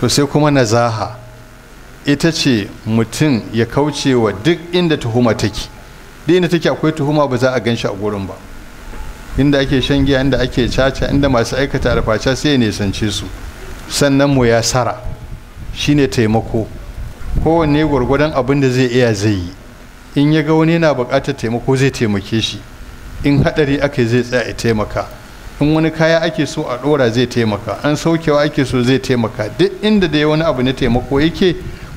to sai kuma nazaha ita ce mutum ya kauce wa duk inda tuhuma take duk inda take akwai tuhuma ba za a gan shi a gurin ba inda ake shan giya inda ake caca inda masu aikata alfaca sai ya nisance su sannan mu ya sara shine taimako kowanne gwargwadon abin da zai iya zai yi in ya ga wani yana buƙatar taimako zai taimake shi in haɗari aka zai tsaya ya taimaka in wani kaya ake so a ɗora zai taimaka an saukewa ake so zai taimaka duk inda da ya wani abu na taimako yake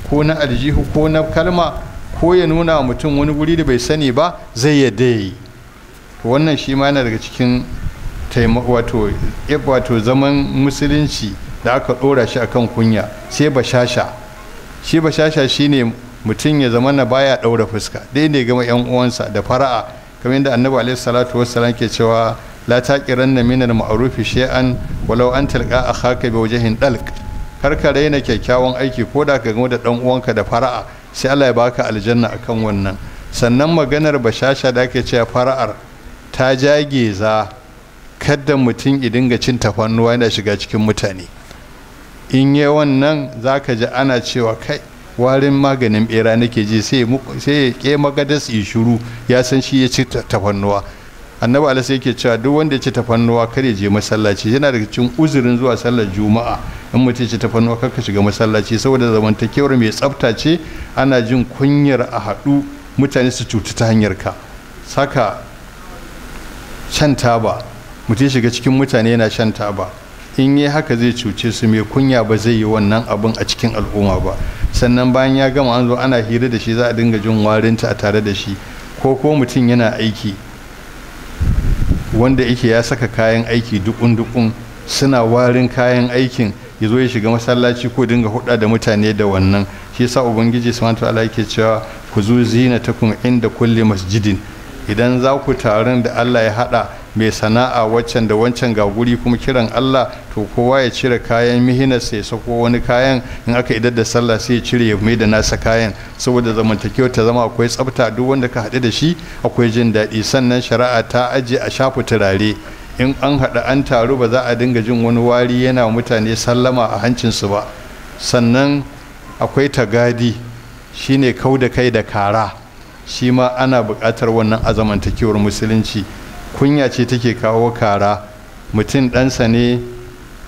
ko na aljihu ko na kalma ko ya nuna wa mutum wani guri da bai sani ba zai yadda yi wannan shi ma yana daga cikin wato zaman musulunci da aka ɗora shi akan kunya sai shasha shi shi ne mutum ya zama na baya ɗaura fuska dai ne gama yan uwansa da fara'a kamar yadda annabi alaihi salatu wasu ke cewa la kiran na minar ma'arufi shi'an walau an a akhaka bi wajhin ɗalk kar ka raina kyakkyawan aiki ko da ka gama da ɗan uwanka da fara'a sai Allah ya baka aljanna akan wannan sannan maganar bashasha da ake cewa fara'ar ta jage za kadda mutum dinga cin tafannuwa yana shiga cikin mutane in yi wannan za ka ji ana cewa kai warin maganin bera nake ji sai ya ke magadas ya shiru ya san shi ya ci tafannuwa annabi ala sai yake cewa duk wanda ya ci tafannuwa kar ya je masallaci yana daga cikin uzurin zuwa sallar juma'a in mutum ci tafannuwa kar ka shiga masallaci saboda zamantakewar mai tsafta ce ana jin kunyar a haɗu mutane su cutu ta hanyar ka saka shan taba mutum shiga cikin mutane yana shan taba in yi haka zai cuce su mai kunya ba zai yi wannan abin a cikin al'umma ba sannan bayan ya gama an zo ana hira da shi za a dinga jin warinta a tare da shi ko ko mutum yana aiki wanda yake ya saka kayan aiki dukun dukun suna warin kayan aikin ya zo ya shiga masallaci ko dinga huɗa da mutane da wannan shi yasa ubangiji subhanahu ta'ala yake cewa ku zu zinatakum inda kulli masjidin idan za ku taron da Allah ya hada mai sana'a waccan da wancan ga guri kuma kiran Allah to kowa ya cire kayan mihinarsa ya sako wani kayan in aka idar da sallah sai ya cire ya mai da nasa kayan saboda zamantakewa ta zama akwai tsafta duk wanda ka haɗu da shi akwai jin daɗi sannan shari'a ta aje a shafa turare in an haɗu an taru ba za a dinga jin wani wari yana mutane sallama a hancinsu ba sannan akwai tagadi shine kau da kai da kara shi ma ana buƙatar wannan a zamantakewar musulunci kunya ce take kawo kara mutum ɗansa ne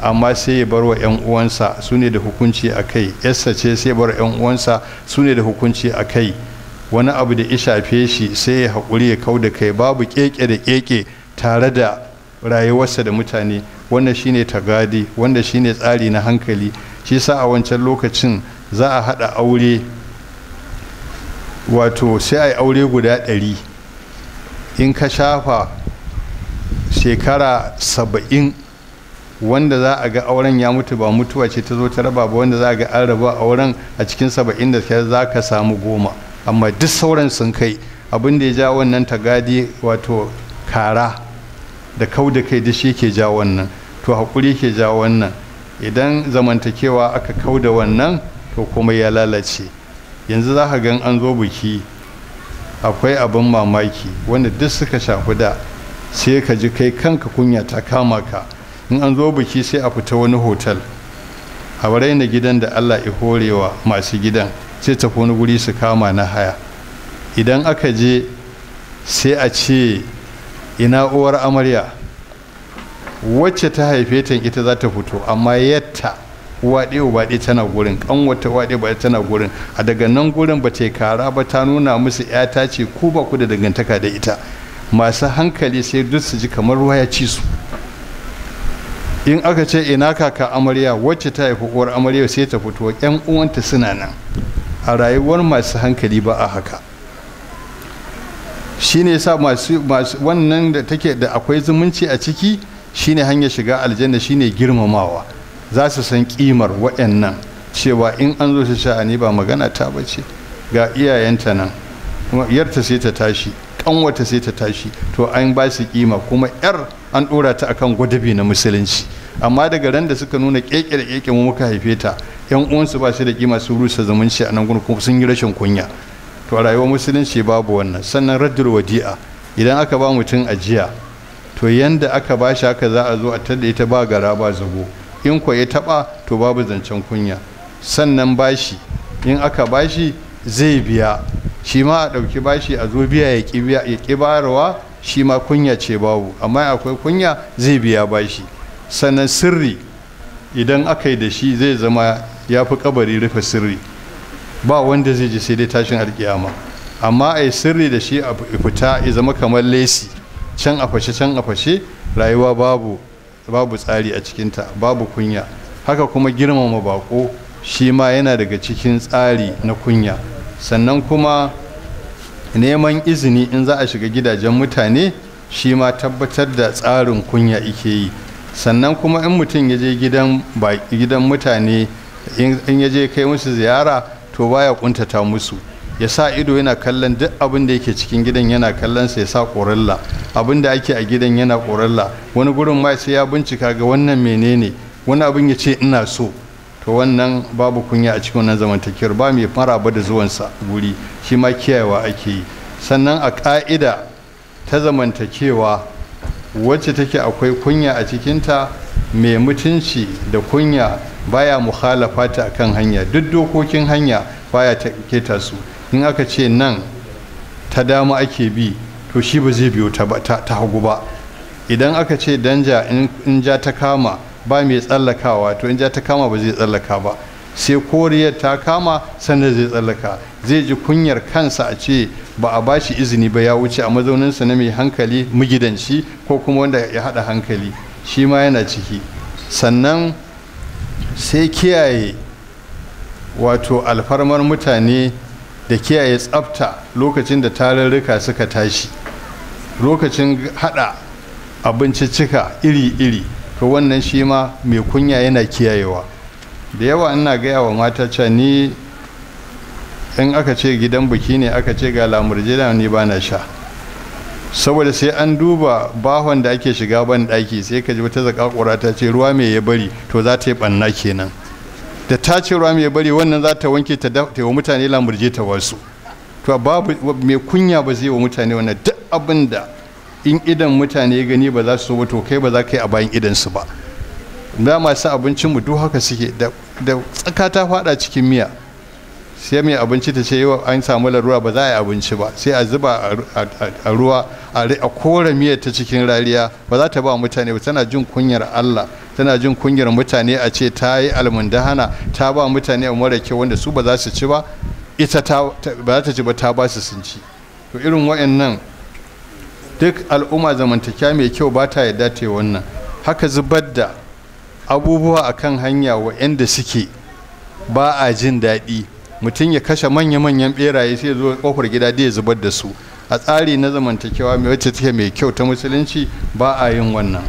amma sai ya bar wa 'yan uwansa su ne da hukunci a kai yarsa ce sai ya bar 'yan uwansa su ne da hukunci a kai wani abu da ya shafe shi sai ya haƙuri ya kau da kai babu keke da keke tare da rayuwarsa da mutane wannan shine tagadi wanda shine tsari na hankali shi sa a wancan lokacin za a haɗa aure wato sai a yi aure guda ɗari in ka shafa shekara saba'in wanda za a ga auren ya mutu ba mutuwa ce ta zo ta raba ba wanda za a ga an raba auren a cikin saba'in da ta za ka samu goma amma duk sauran sun kai abin da ya ja wannan tagadi wato kara da kau da kai da shi ke ja wannan to haƙuri ke ja wannan idan zamantakewa aka kau da wannan to kuma ya lalace yanzu za ka gan an zo biki akwai abin mamaki wanda duk suka shafi da sai ka ji kai kanka kunya ta kama ka in an zo biki sai a fita wani hotel a raina gidan da allah ya horewa masu gidan sai tafi wani guri su kama na haya idan aka je sai a ce ina uwar amarya wacce ta haife ta ita za ta fito amma yatta waɗe waɗe tana gurin ƙanwata waɗe ba tana gurin a daga nan gurin ba ta kara ba ta nuna musu 'yata ce ku ba ku da dangantaka da ita masu hankali sai duk su ji kamar ruwa ya ci su in aka ce ina kaka amarya wacce ta haifi uwar amarya sai ta fito yan uwanta suna nan a rayuwar masu hankali ba a haka shine yasa masu wannan da take da akwai zumunci a ciki shine hanyar shiga aljanna shine girmamawa za su san kimar waɗannan cewa in an zo su sha'ani ba magana ta bace ga iyayenta nan yarta sai ta tashi Ƙanwata sai ta tashi to an ba su kima kuma yar an dora ta akan gwadabi na musulunci amma daga ran da suka nuna keke da keke muka haife ta yan uwansu ba su da kima su rusa zumunci a nan gurin sun yi rashin kunya to rayuwar musulunci babu wannan sannan raddul wadi'a idan aka ba mutum ajiya to yanda aka ba shi haka za a zo a tada ita ba gara ba zago in ko ya taba to babu zancen kunya sannan bashi in aka bashi zai biya shi ma a ɗauki bashi a zo biya ya ƙi barawa shi ma kunya ce babu amma akwai kunya zai biya bashi sannan sirri idan aka yi da shi zai zama ya fi kabari rufe sirri ba wanda zai ji sai dai tashin alkiyama amma a yi sirri da shi a fita ya zama kamar lesi can a fashe can a fashe rayuwa babu babu tsari a cikinta babu kunya haka kuma girmama bako shi ma yana daga cikin tsari na kunya sannan kuma neman izini in za a shiga gidajen mutane shi ma tabbatar da tsarin kunya ike yi sannan kuma in mutum ya je gidan mutane in ya je kai musu ziyara to baya kuntata musu ya sa ido yana kallon duk abin da yake cikin gidan yana kallon sai ya sa ƙorilla abin da ake a gidan yana ƙorilla wani gurin ma sai ya bincika ga wannan menene wani abin ya ce ina so to wannan babu kunya a cikin wannan zamantakewar ba mai maraba da zuwansa guri shi ma kiyayewa ake yi sannan a ƙa'ida ta zamantakewa wacce take akwai kunya a cikinta mai mutunci da kunya baya muhalafa ta akan hanya duk dokokin hanya baya ta keta su in aka ce nan ta dama ake bi to shi ba zai biyo ta hagu ba idan aka ce danja in ja ta kama ba mai tsallakawa to in ja ta kama ba zai tsallaka ba sai koriyar ta kama sannan zai tsallaka zai ji kunyar kansa a ce ba a ba shi izini ba ya wuce a mazauninsa na mai hankali magidanci ko kuma wanda ya haɗa hankali shi ma yana ciki sannan sai kiyaye wato alfarmar mutane da kiyaye tsafta lokacin da tarurruka suka tashi lokacin haɗa abinciccika iri-iri to wannan shi ma mai kunya yana kiyayewa da yawa ina gaya wa mata cewa ni in aka ce gidan biki ne aka ce ga da ni ba sha saboda sai an duba bahon da ake shiga ban daki sai ka ji wata zakakura ta ce ruwa mai ya bari to za ta yi ɓanna kenan da ta ce ruwa mai bari wannan za ta wanke ta wa mutane lamurje ta wasu to babu mai kunya ba zai wa mutane wannan duk abinda. in idan mutane gani ba za su wato kai ba za ka yi a bayan idansu ba da masu abincin mu duk haka suke da tsaka ta fada cikin miya sai mai abinci ta ce yau an samu larura ba za a yi abinci ba sai a zuba a ruwa a kore miyar ta cikin rariya ba za ta ba mutane ba tana jin kunyar Allah tana jin kunyar mutane a ce ta yi almundahana ta ba mutane a mara ke wanda su ba za su ci ba ita ba za ta ci ba ta ba su sun ci to irin waɗannan duk al'umma zamantakewa mai kyau ba ta yarda ta wannan haka zubar da abubuwa a kan hanya wa yadda suke ba a jin daɗi mutum ya kashe manya-manyan beraye sai zo kofar gida da ya zubar da su a tsari na zamantakewa mai wacce take mai kyau ta musulunci ba a yin wannan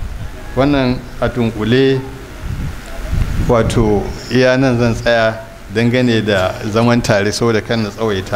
wannan a tunkule wato iya nan zan tsaya dangane da zaman tare saboda kan na tsawaita